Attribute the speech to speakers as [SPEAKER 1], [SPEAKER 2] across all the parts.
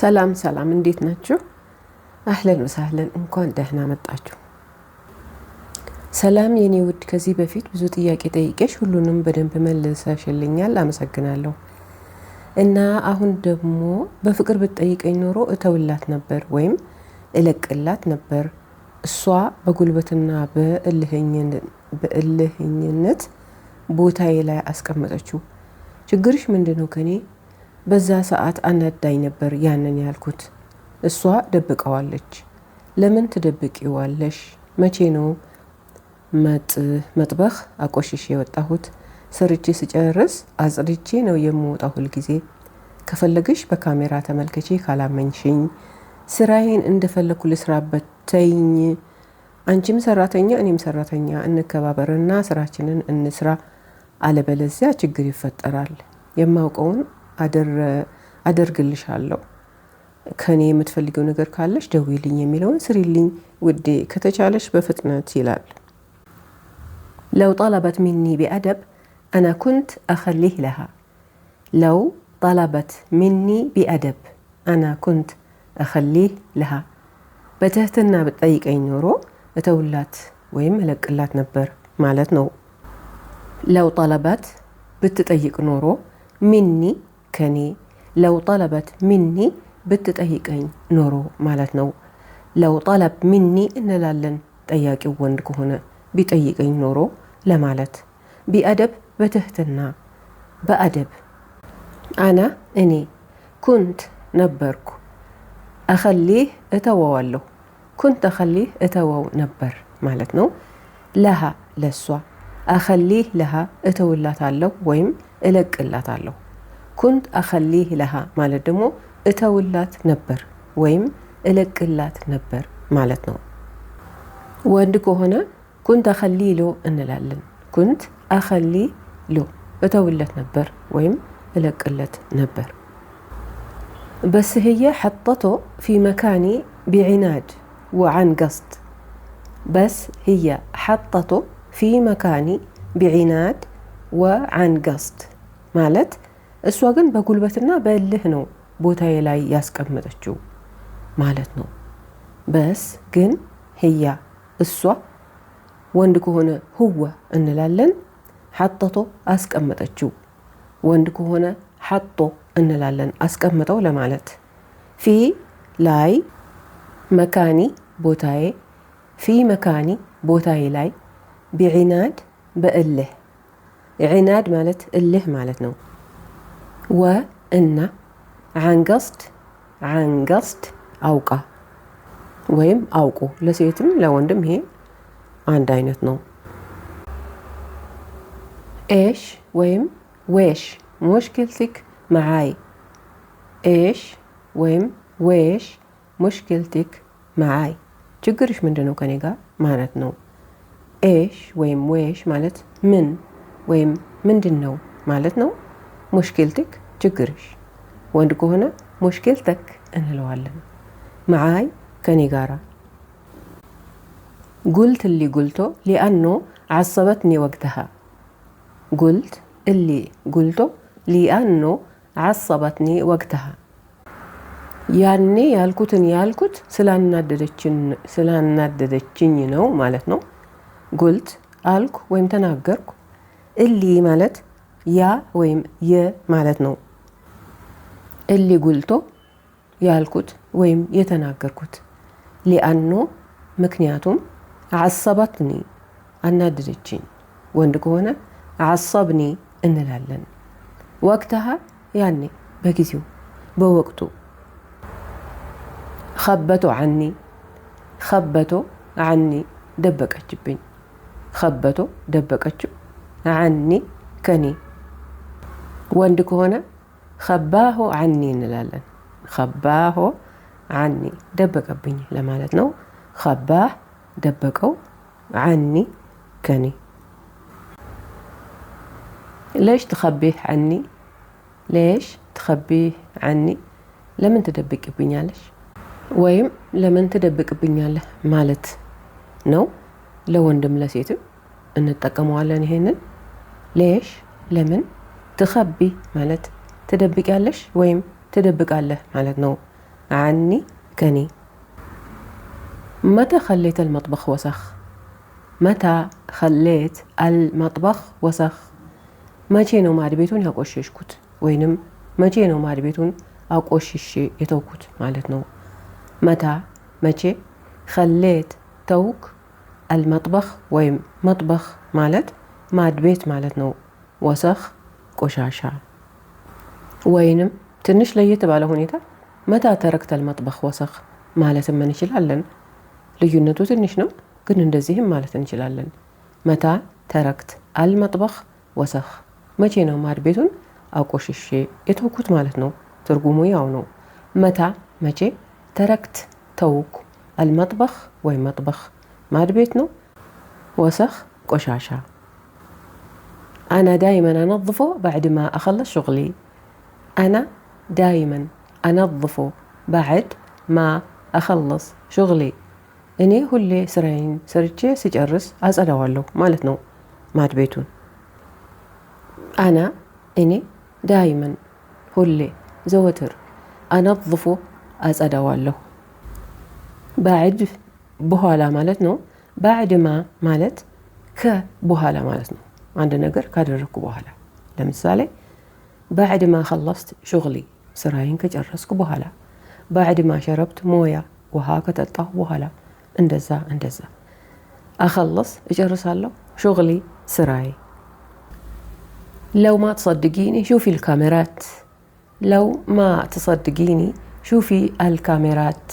[SPEAKER 1] ሰላም ሰላም፣ እንዴት ናችሁ? አህለን ወሳህለን፣ እንኳን ደህና መጣችሁ። ሰላም የኔ ውድ፣ ከዚህ በፊት ብዙ ጥያቄ ጠይቄሽ ሁሉንም በደንብ መልሰሽልኛል፣ አመሰግናለሁ። እና አሁን ደግሞ በፍቅር ብትጠይቀኝ ኖሮ እተውላት ነበር ወይም እለቅላት ነበር። እሷ በጉልበትና በእልህኝነት ቦታዬ ላይ አስቀመጠችው። ችግርሽ ምንድን ነው ከኔ በዛ ሰዓት አናዳኝ ነበር ያንን ያልኩት። እሷ ደብቀዋለች። ለምን ትደብቂዋለሽ? መቼ ነው መጥበህ አቆሽሽ የወጣሁት? ሰርቼ ስጨርስ አጽድቼ ነው የምወጣው። ሁልጊዜ ከፈለግሽ በካሜራ ተመልከቼ ካላመንሽኝ ስራዬን እንደፈለኩ ልስራበት ተይኝ። አንቺም ሰራተኛ እኔም ሰራተኛ እንከባበርና ስራችንን እንስራ፣ አለበለዚያ ችግር ይፈጠራል። የማውቀውን አደርግልሻለሁ ከእኔ የምትፈልገው ነገር ካለሽ ደውዪልኝ የሚለውን ስሪልኝ ውዴ ከተቻለሽ በፍጥነት ይላል።
[SPEAKER 2] ለው ጠለበት ሚኒ ቢአደብ አና ኩንት አኸሊህ ለሃ ለው ጠለበት ሚኒ ቢአደብ አና ኩንት አኸሊህ ለሃ በትህትና ብትጠይቀኝ ኖሮ እተውላት ወይም እለቅላት ነበር ማለት ነው። ለው ጠለበት ብትጠይቅ ኖሮ ሚኒ ከኔ ለው ጠለበት ሚኒ ብትጠይቀኝ ኖሮ ማለት ነው። ለው ጠለብ ሚኒ እንላለን ጠያቂው ወንድ ከሆነ ቢጠይቀኝ ኖሮ ለማለት። ቢአደብ በትህትና በአደብ። አና እኔ ኩንት ነበርኩ አኸሊህ እተወዋለሁ ኩንት አኸሊህ እተወው ነበር ማለት ነው። ለሃ ለሷ አኸሊህ ለሃ እተውላታለሁ ወይም እለቅላታለሁ። كنت أخليه لها مالدمو إتولات نبر ويم إلقلات نبر مالتنا وعندكو هنا كنت أخلي له إن لألن كنت أخلي له إتولات نبر ويم إلقلات نبر بس هي حطته في مكاني بعناد وعن قصد بس هي حطته في مكاني بعناد وعن قصد مالت እሷ ግን በጉልበትና በእልህ ነው ቦታዬ ላይ ያስቀመጠችው ማለት ነው። በስ ግን ህያ እሷ ወንድ ከሆነ ህወ እንላለን። ሐጠቶ አስቀመጠችው። ወንድ ከሆነ ሐጦ እንላለን፣ አስቀምጠው ለማለት ፊ ላይ መካኒ ቦታዬ፣ ፊ መካኒ ቦታዬ ላይ፣ ብዒናድ በእልህ ዒናድ ማለት እልህ ማለት ነው። ወ እና አንገስት አንገስት አውቃ ወይም አውቁ ለሴትም ለወንድም ይሄ አንድ አይነት ነው። ኤሽ ወይም ዌሽ ሙሽኪልቲክ መዓይ ኤሽ ወይም ዌሽ ሙሽኪልቲክ መዓይ ችግርሽ ምንድን ነው ከኔ ጋር ማለት ነው። ኤሽ ወይም ዌሽ ማለት ምን ወይም ምንድን ነው ማለት ነው። ሙሽኪልቲክ ችግርሽ፣ ወንድ ከሆነ ሙሽኪል ተክ እንለዋለን። መዓይ ከኔ ጋራ ጉልት እሊ ጉልቶ ሊአኖ ዓሰበትኒ ወቅተሃ ጉልት እሊ ጉልቶ ሊአኖ ዓሰበትኒ ወቅተሃ ያኔ ያልኩትን ያልኩት ስላናደደችኝ ነው ማለት ነው። ጉልት አልኩ ወይም ተናገርኩ። እሊ ማለት ያ ወይም የ ማለት ነው። እሊ ጉልቶ ያልኩት ወይም የተናገርኩት ሊአኖ ምክንያቱም አዓሰባትኒ አናደደችኝ። ወንድ ከሆነ አዓሰብኒ እንላለን። ወቅትሃ ያኔ በጊዜው በወቅቱ ከበቶ አኒ ከበቶ አኒ ደበቀችብኝ። ከበቶ ደበቀችው አኒ ከኔ ወንድ ከሆነ ከባሆ አኒ እንላለን። ከባሆ አኒ ደበቀብኝ ለማለት ነው። ከባህ ደበቀው፣ አኒ ከኔ። ለሽ ትኸቢህ አኒ፣ ሌሽ ትኸቢህ አኒ፣ ለምን ትደብቅብኛለሽ ወይም ለምን ትደብቅብኛለህ ማለት ነው። ለወንድም ለሴትም እንጠቀመዋለን ይሄንን። ሌሽ ለምን ትኸቢ ማለት ነው? ትደብቂያለሽ ወይም ትደብቃለህ ማለት ነው عني كني متى خليت المطبخ وسخ متى خليت المطبخ وسخ መቼ ነው ማድ ቤቱን ያቆሸሽኩት ወይንም መቼ ነው ማድ ቤቱን አቆሽሼ የተውኩት ማለት ነው መታ መቼ ከሌት ተውክ አልመጥበኽ ወይም መጥበኽ ማለት ማድ ቤት ማለት ነው ወሰኽ ቆሻሻ ወይንም ትንሽ ለየት ባለ ሁኔታ መታ ተረክተል መጥበኽ ወሰኽ ማለትም እንችላለን። ልዩነቱ ትንሽ ነው፣ ግን እንደዚህም ማለት እንችላለን። መታ ተረክት አልመጥበኽ ወሰኽ፣ መቼ ነው ማድ ቤቱን አቆሽሼ የተውኩት ማለት ነው። ትርጉሙ ያው ነው። መታ መቼ፣ ተረክት ተውኩ፣ አልመጥበኽ ወይም መጥበኽ ማድ ቤት ነው፣ ወሰኽ ቆሻሻ። አና ዳይመን አነظፎ ባዕድ አኸለስ ሹቅሊ أنا دايما أنظفه بعد ما أخلص شغلي እኔ ሁሌ ስራዬን ሰርቼ ሲጨርስ አጸዳዋለሁ ማለት ነው ማድ ቤቱን አና እኔ ዳይመን ሁሌ ዘወትር አነظፎ አጸዳዋለሁ ባዕድ በኋላ ማለት ነው ባዕድማ ማለት ከበኋላ ማለት ነው አንድ ነገር ካደረግኩ በኋላ ለምሳሌ بعد ما خلصت شغلي سراين كجرس كبهلا بعد ما شربت مويه وهاك تطه وهلا اندزا اندزا اخلص اجرس هلو شغلي سراي لو ما تصدقيني شوفي الكاميرات لو ما تصدقيني شوفي الكاميرات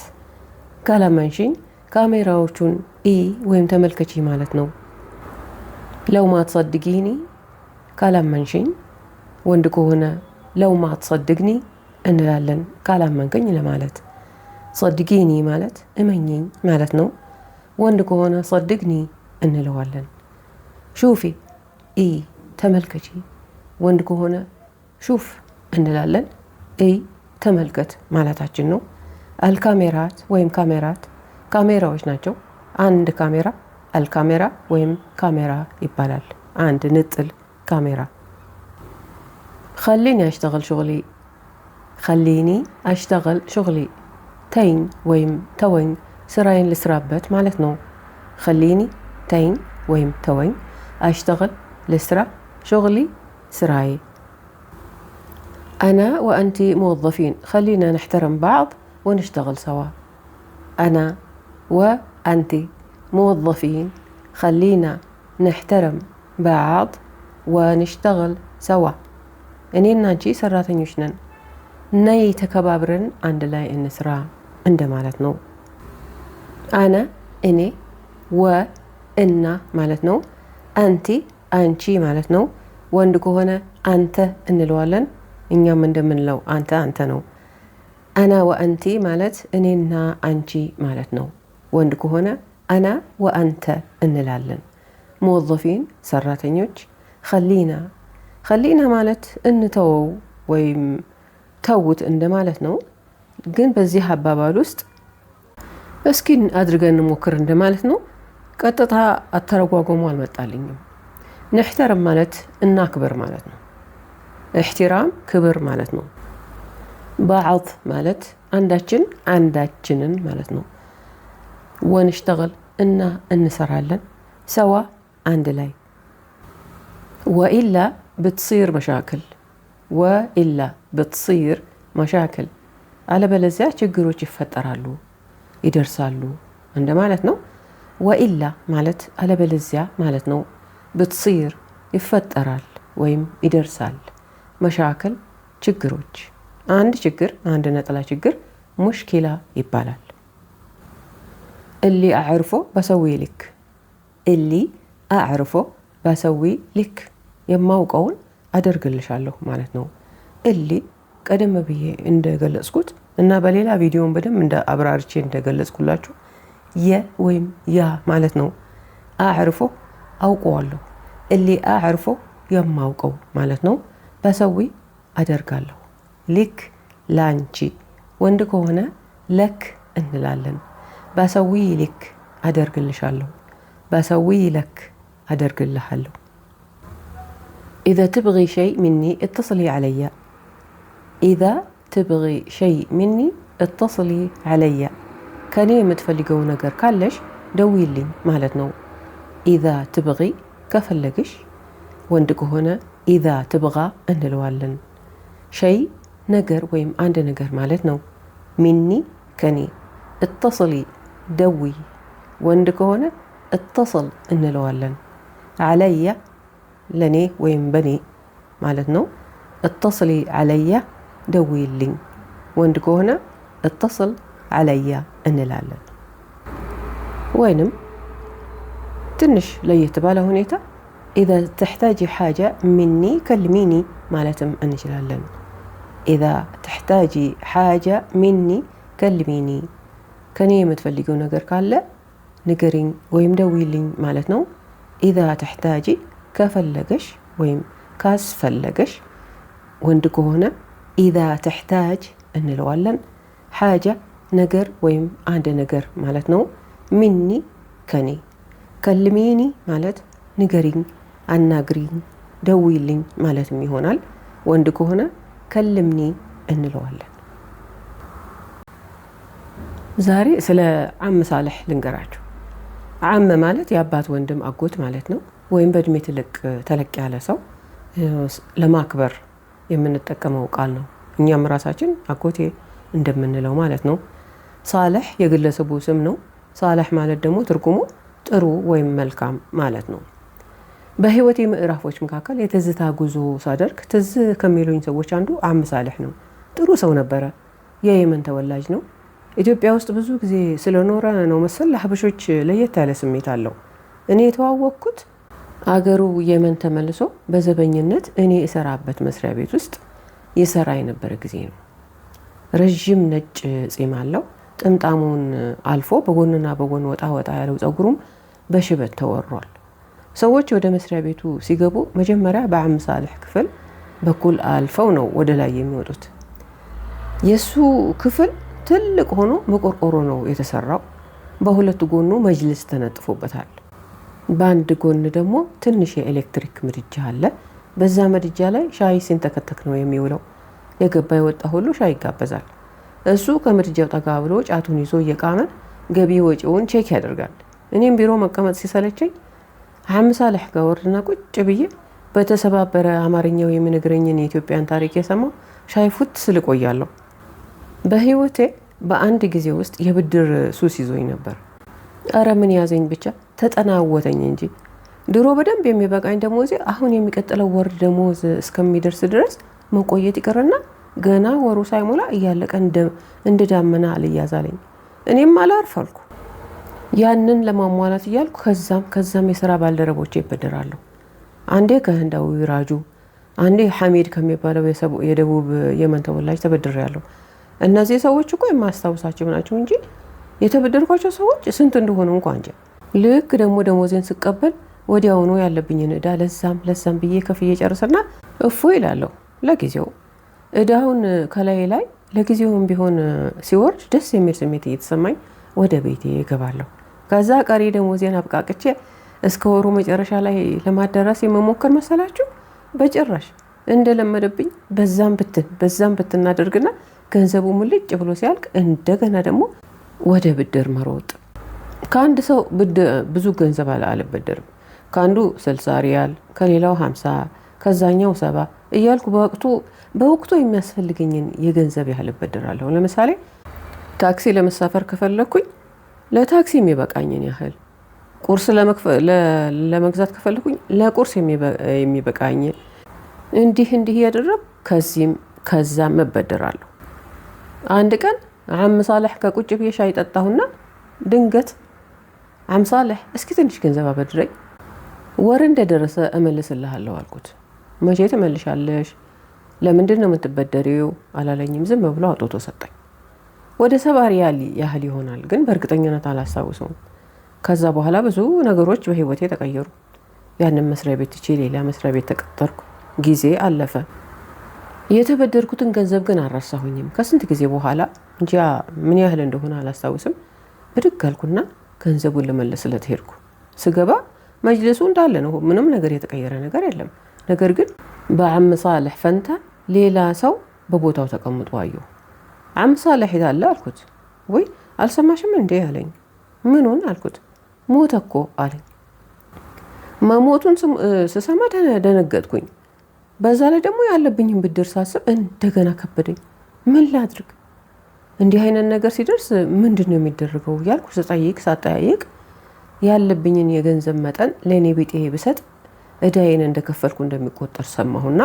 [SPEAKER 2] كلا منشين كاميرا وشون اي ويم تملكتي مالتنو لو ما تصدقيني كلام منشين ወንድ ከሆነ ለውማ ትሰድግኒ እንላለን ካላመንከኝ ለማለት ሰድጊኒ ማለት እመኝኝ ማለት ነው። ወንድ ከሆነ ሰድግኒ እንለዋለን። ሹፊ ኢ ተመልከቺ፣ ወንድ ከሆነ ሹፍ እንላለን። ኢ ተመልከት ማለታችን ነው። አልካሜራት ወይም ካሜራት ካሜራዎች ናቸው። አንድ ካሜራ አልካሜራ ወይም ካሜራ ይባላል። አንድ ንጥል ካሜራ خليني أشتغل شغلي خليني أشتغل شغلي تين ويم توين سراين لسرابت مالتنا خليني تين ويم توين أشتغل لسرا شغلي سراي أنا وأنت موظفين خلينا نحترم بعض ونشتغل سوا أنا وأنت موظفين خلينا نحترم بعض ونشتغل سوا እኔና አንቺ ሰራተኞች ነን፣ ነይ ተከባብረን አንድ ላይ እንስራ እንደማለት ነው። አነ እኔ፣ ወ እና ማለት ነው። አንቲ አንቺ ማለት ነው። ወንድ ከሆነ አንተ እንለዋለን። እኛም እንደምንለው አንተ አንተ ነው። አና ወአንቲ ማለት እኔና አንቺ ማለት ነው። ወንድ ከሆነ አና ወአንተ እንላለን። ሞወፊን ሰራተኞች፣ ከሊና ከሊእና ማለት እንተወው ወይም ተውት እንደማለት ነው። ግን በዚህ አባባል ውስጥ እስኪን አድርገን እንሞክር እንደማለት ነው። ቀጥታ አተረጓጎሙ አልመጣልኝም። ንሕተረም ማለት እናክብር ማለት ነው። እሕትራም ክብር ማለት ነው። ባዓት ማለት አንዳችን አንዳችንን ማለት ነው። ወንሽተግል እና እንሰራለን፣ ሰዋ አንድ ላይ ወኢላ بتصير مشاكل وإلا بتصير መሻክል አለበለዚያ ችግሮች ይፈጠራሉ ይደርሳሉ እንደ ማለት ነው። ወኢላ ማለት አለበለዚያ ማለት ነው። ብትስይር ይፈጠራል ወይም ይደርሳል። መሻክል ችግሮች። አንድ ችግር አንድ ነጠላ ችግር ሙሽኪላ ይባላል። እሊ አዕርፎ በሰዊ ልክ፣ እሊ አዕርፎ በሰዊ ልክ የማውቀውን አደርግልሻለሁ ማለት ነው። እሊ ቀደም ብዬ እንደገለጽኩት እና በሌላ ቪዲዮን በደንብ እንደ አብራርቼ እንደገለጽኩላችሁ የ ወይም ያ ማለት ነው። አዕርፎ አውቀዋለሁ። እሊ አዕርፎ የማውቀው ማለት ነው። በሰዊ አደርጋለሁ። ሊክ ላንቺ፣ ወንድ ከሆነ ለክ እንላለን። በሰዊ ሊክ አደርግልሻለሁ፣ በሰዊ ለክ አደርግልሃለሁ إذا تبغي شيء مني اتصلي علي إذا تبغي شيء مني اتصلي علي كان متفلقو نقر كالش دوي لي مالتنو إذا تبغي كفلقش وندق هنا إذا تبغى أن الوالن شيء نقر ويم عند نقر مالتنو مني كني اتصلي دوي وندك هنا اتصل ان الوالن عليّ ለእኔ ወይም በኔ ማለት ነው። እተስሊ አለያ ደውይልኝ፣ ወንድ ከሆነ እተስል አለያ እንላለን። ወይንም ትንሽ ለየት ባለ ሁኔታ ኢዛ ተሕታጅ ሓጃ ሚኒ ከልሚኒ ማለትም እንችላለን። ኢዛ ተሕታጂ ሓጃ ሚኒ ከልሚኒ፣ ከኔ የምትፈልገው ነገር ካለ ንገሪኝ ወይም ደውይልኝ ማለት ነው። ኢዛ ተሕታጂ ከፈለገሽ ወይም ካስፈለገሽ ወንድ ከሆነ ኢዛ ተሕታጅ እንለዋለን። ሓጃ ነገር ወይም አንድ ነገር ማለት ነው። ሚኒ ከኔ፣ ከልሚኒ ማለት ንገሪኝ፣ አናግሪኝ፣ ደዊልኝ ማለትም ይሆናል። ወንድ ከሆነ ከልምኒ እንለዋለን። ዛሬ ስለ ዓም ሳልሕ ልንገራችሁ። ዓም ማለት የአባት ወንድም አጎት ማለት ነው። ወይም በእድሜ ትልቅ ተለቅ ያለ ሰው ለማክበር የምንጠቀመው ቃል ነው። እኛም ራሳችን አጎቴ እንደምንለው ማለት ነው። ሳልሕ የግለሰቡ ስም ነው። ሳልሕ ማለት ደግሞ ትርጉሙ ጥሩ ወይም መልካም ማለት ነው። በህይወቴ ምዕራፎች መካከል የትዝታ ጉዞ ሳደርግ ትዝ ከሚሉኝ ሰዎች አንዱ አም ሳልሕ ነው። ጥሩ ሰው ነበረ። የየመን ተወላጅ ነው። ኢትዮጵያ ውስጥ ብዙ ጊዜ ስለኖረ ነው መሰል ለሀበሾች ለየት ያለ ስሜት አለው። እኔ የተዋወቅኩት አገሩ የመን ተመልሶ በዘበኝነት እኔ የሰራበት መስሪያ ቤት ውስጥ የሰራ የነበረ ጊዜ ነው። ረዥም ነጭ ጺም አለው። ጥምጣሙን አልፎ በጎንና በጎን ወጣ ወጣ ያለው ጸጉሩም በሽበት ተወሯል። ሰዎች ወደ መስሪያ ቤቱ ሲገቡ መጀመሪያ በአምሳ አልሕ ክፍል በኩል አልፈው ነው ወደ ላይ የሚወጡት። የእሱ ክፍል ትልቅ ሆኖ መቆርቆሮ ነው የተሰራው። በሁለት ጎኑ መጅልስ ተነጥፎበታል። በአንድ ጎን ደግሞ ትንሽ የኤሌክትሪክ ምድጃ አለ። በዛ ምድጃ ላይ ሻይ ሲንተከተክ ነው የሚውለው። የገባ የወጣ ሁሉ ሻይ ይጋበዛል። እሱ ከምድጃው ጠጋ ብሎ ጫቱን ይዞ እየቃመ ገቢ ወጪውን ቼክ ያደርጋል። እኔም ቢሮ መቀመጥ ሲሰለቸኝ ሀምሳ ለሕጋ ወርድና ቁጭ ብዬ በተሰባበረ አማርኛው የሚነግረኝን የኢትዮጵያን ታሪክ የሰማው ሻይ ፉት ስል በህይወቴ በአንድ ጊዜ ውስጥ የብድር ሱስ ይዞኝ ነበር። ኧረ ምን ያዘኝ ብቻ ተጠናወተኝ እንጂ ድሮ በደንብ የሚበቃኝ ደሞዜ አሁን የሚቀጥለው ወር ደሞዝ እስከሚደርስ ድረስ መቆየት ይቅርና ገና ወሩ ሳይሞላ እያለቀ እንደ ዳመና አልያዛለኝ። እኔም አላርፈልኩ ያንን ለማሟላት እያልኩ ከዛም ከዛም የስራ ባልደረቦች ይበደራለሁ። አንዴ ከህንዳዊ ራጁ፣ አንዴ ሐሜድ ከሚባለው የደቡብ የመን ተወላጅ ተበድሬያለሁ። እነዚህ ሰዎች እኮ የማስታውሳቸው ናቸው እንጂ የተበደርኳቸው ሰዎች ስንት እንደሆኑ እንኳ እንጂ ልክ ደግሞ ደሞዜን ስቀበል ወዲያውኑ ያለብኝን እዳ ለዛም ለዛም ብዬ ከፍዬ ጨርስና እፎ ይላለሁ። ለጊዜው እዳውን ከላይ ላይ ለጊዜውም ቢሆን ሲወርድ ደስ የሚል ስሜት እየተሰማኝ ወደ ቤቴ እገባለሁ። ከዛ ቀሪ ደሞዜን አብቃቅቼ እስከ ወሩ መጨረሻ ላይ ለማዳረስ የመሞከር መሰላችሁ? በጭራሽ እንደለመደብኝ በዛም ብትን በዛም ብትናደርግና ገንዘቡ ሙልጭ ብሎ ሲያልቅ እንደገና ደግሞ ወደ ብድር መሮጥ። ከአንድ ሰው ብዙ ገንዘብ አልበደርም። ከአንዱ ስልሳ ሪያል፣ ከሌላው ሀምሳ ከዛኛው ሰባ እያልኩ በወቅቱ በወቅቱ የሚያስፈልገኝን የገንዘብ ያህል እበደራለሁ። ለምሳሌ ታክሲ ለመሳፈር ከፈለግኩኝ ለታክሲ የሚበቃኝን ያህል፣ ቁርስ ለመግዛት ከፈለኩኝ ለቁርስ የሚበቃኝን፣ እንዲህ እንዲህ እያደረግ ከዚህም ከዛም እበደራለሁ። አንድ ቀን አምሳለህ ከቁጭ ብዬ ሻይ ጠጣሁና ድንገት አምሳለህ እስኪ ትንሽ ገንዘብ አበድረኝ ወር እንደደረሰ እመልስልሃለሁ አልኩት። መቼ ትመልሻለሽ? ለምንድን ነው የምትበደሪው? አላለኝም። ዝም ብሎ አውጥቶ ሰጠኝ። ወደ ሰባ ሪያል ያህል ይሆናል፣ ግን በእርግጠኝነት አላስታውሰውም። ከዛ በኋላ ብዙ ነገሮች በህይወቴ ተቀየሩ። ያንን መስሪያ ቤት ትቼ ሌላ መስሪያ ቤት ተቀጠርኩ። ጊዜ አለፈ። የተበደርኩትን ገንዘብ ግን አልረሳሁኝም። ከስንት ጊዜ በኋላ እንጃ ምን ያህል እንደሆነ አላስታውስም። ብድግ አልኩና ገንዘቡን ልመለስለት ሄድኩ። ስገባ መጅልሱ እንዳለ ነው። ምንም ነገር የተቀየረ ነገር የለም። ነገር ግን በአም ሳልሕ ፈንታ ሌላ ሰው በቦታው ተቀምጦ አየሁ። አም ሳልሕ የታለ አልኩት። ወይ አልሰማሽም እንዴ አለኝ። ምኑን አልኩት። ሞተ እኮ አለኝ። መሞቱን ስሰማ ደነገጥኩኝ። በዛ ላይ ደግሞ ያለብኝን ብድር ሳስብ እንደገና ከበደኝ። ምን ላድርግ? እንዲህ አይነት ነገር ሲደርስ ምንድን ነው የሚደረገው እያልኩ ስጠይቅ ሳጠያይቅ ያለብኝን የገንዘብ መጠን ለእኔ ቢጤ ብሰጥ እዳዬን እንደከፈልኩ እንደሚቆጠር ሰማሁና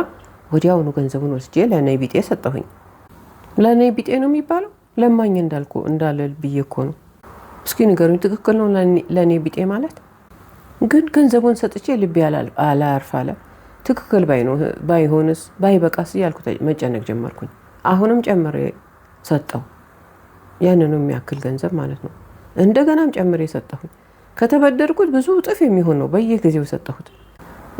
[SPEAKER 2] ወዲያውኑ ገንዘቡን ወስጄ ለእኔ ቢጤ ሰጠሁኝ። ለእኔ ቢጤ ነው የሚባለው? ለማኝ እንዳልኩ እንዳለል ብዬ እኮ ነው። እስኪ ንገሩኝ፣ ትክክል ነው ለእኔ ቢጤ ማለት? ግን ገንዘቡን ሰጥቼ ልቤ አላርፍ ትክክል ባይሆንስ ባይበቃስ እያልኩ መጨነቅ ጀመርኩኝ። አሁንም ጨምሬ ሰጠው ያንኑ የሚያክል ገንዘብ ማለት ነው። እንደገናም ጨምሬ ሰጠሁኝ። ከተበደርኩት ብዙ እጥፍ የሚሆን ነው በየጊዜው ሰጠሁት።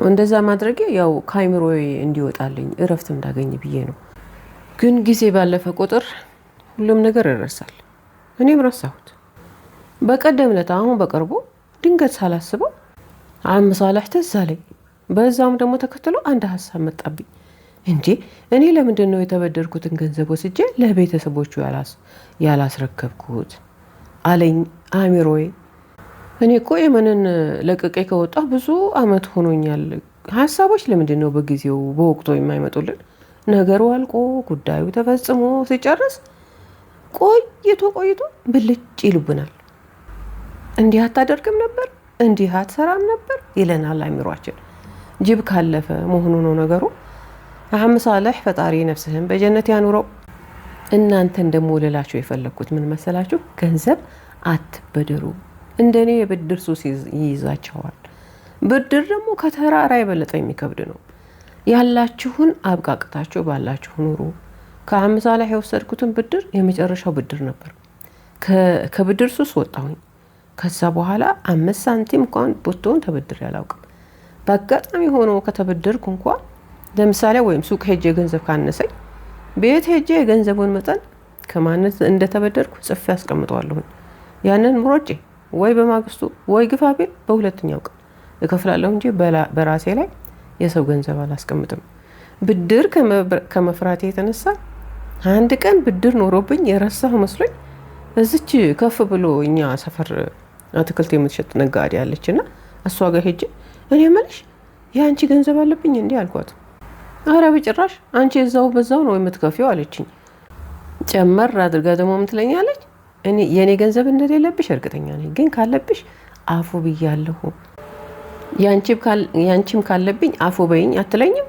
[SPEAKER 2] እንደዛ ማድረጌ ያው ከአይምሮ እንዲወጣልኝ እረፍት እንዳገኝ ብዬ ነው። ግን ጊዜ ባለፈ ቁጥር ሁሉም ነገር ይረሳል። እኔም ረሳሁት። በቀደም ለታ አሁን በቅርቡ ድንገት ሳላስበው አም ሳላህ በዛም ደግሞ ተከትሎ አንድ ሀሳብ መጣብኝ። እንዴ እኔ ለምንድን ነው የተበደርኩትን ገንዘብ ወስጄ ለቤተሰቦቹ ያላስረከብኩት አለኝ አሚሮ እኔ እኮ የመንን ለቅቄ ከወጣሁ ብዙ አመት ሆኖኛል። ሀሳቦች ለምንድን ነው በጊዜው በወቅቶ የማይመጡልን? ነገሩ አልቆ ጉዳዩ ተፈጽሞ ሲጨርስ ቆይቶ ቆይቶ ብልጭ ይሉብናል። እንዲህ አታደርግም ነበር፣ እንዲህ አትሰራም ነበር ይለናል አሚሯችን። ጅብ ካለፈ መሆኑ ነው ነገሩ። አሐም ሳለህ ፈጣሪ ነፍስህን በጀነት ያኑረው። እናንተን ደግሞ ልላችሁ የፈለግኩት ምን መሰላችሁ? ገንዘብ አትበደሩ። እንደኔ የብድር ሱስ ይይዛቸዋል። ብድር ደግሞ ከተራራ የበለጠ የሚከብድ ነው። ያላችሁን አብቃቅታችሁ ባላችሁ ኑሩ። ከአህም ሳላህ የወሰድኩትን ብድር የመጨረሻው ብድር ነበር። ከብድር ሱስ ወጣሁኝ። ከዛ በኋላ አምስት ሳንቲም እንኳን ብትሆን ተበድሬ አላውቅም። በአጋጣሚ ሆኖ ከተበደርኩ እንኳ ለምሳሌ ወይም ሱቅ ሄጄ ገንዘብ ካነሰኝ ቤት ሄጄ የገንዘቡን መጠን ከማነት እንደተበደርኩ ጽፌ አስቀምጠዋለሁኝ። ያንን ምሮጬ ወይ በማግስቱ ወይ ግፋ ቢል በሁለተኛው ቀን እከፍላለሁ እንጂ በራሴ ላይ የሰው ገንዘብ አላስቀምጥም። ብድር ከመፍራቴ የተነሳ አንድ ቀን ብድር ኖሮብኝ የረሳሁ መስሎኝ እዚች ከፍ ብሎ እኛ ሰፈር አትክልት የምትሸጥ ነጋዴ አለችና እሷ ጋር ሄጄ እኔ የምልሽ የአንቺ ገንዘብ አለብኝ እንዲህ አልኳት። አረ በጭራሽ አንቺ እዛው በዛው ነው የምትከፊው አለችኝ። ጨመር አድርጋ ደግሞ ምትለኛለች። እኔ የእኔ ገንዘብ እንደሌለብሽ እርግጠኛ ነኝ፣ ግን ካለብሽ አፉ ብያለሁ፣ ያንቺም ካለብኝ አፉ በይኝ አትለኝም።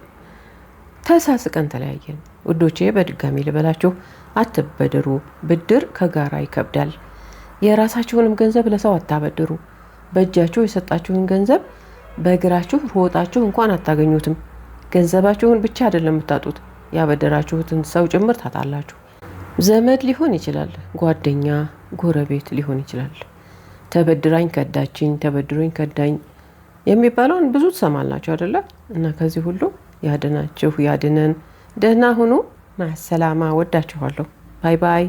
[SPEAKER 2] ተሳስቀን ተለያየን። ውዶቼ በድጋሚ ልበላችሁ አትበደሩ። ብድር ከጋራ ይከብዳል። የራሳችሁንም ገንዘብ ለሰው አታበድሩ። በእጃችሁ የሰጣችሁን ገንዘብ በእግራችሁ ሮጣችሁ እንኳን አታገኙትም። ገንዘባችሁን ብቻ አይደለም የምታጡት፣ ያበደራችሁትን ሰው ጭምር ታጣላችሁ። ዘመድ ሊሆን ይችላል፣ ጓደኛ፣ ጎረቤት ሊሆን ይችላል። ተበድራኝ ከዳችኝ፣ ተበድሮኝ ከዳኝ የሚባለውን ብዙ ትሰማላችሁ አይደለ? እና ከዚህ ሁሉ ያድናችሁ፣ ያድነን። ደህና ሁኑ። ማሰላማ። ወዳችኋለሁ። ባይ ባይ።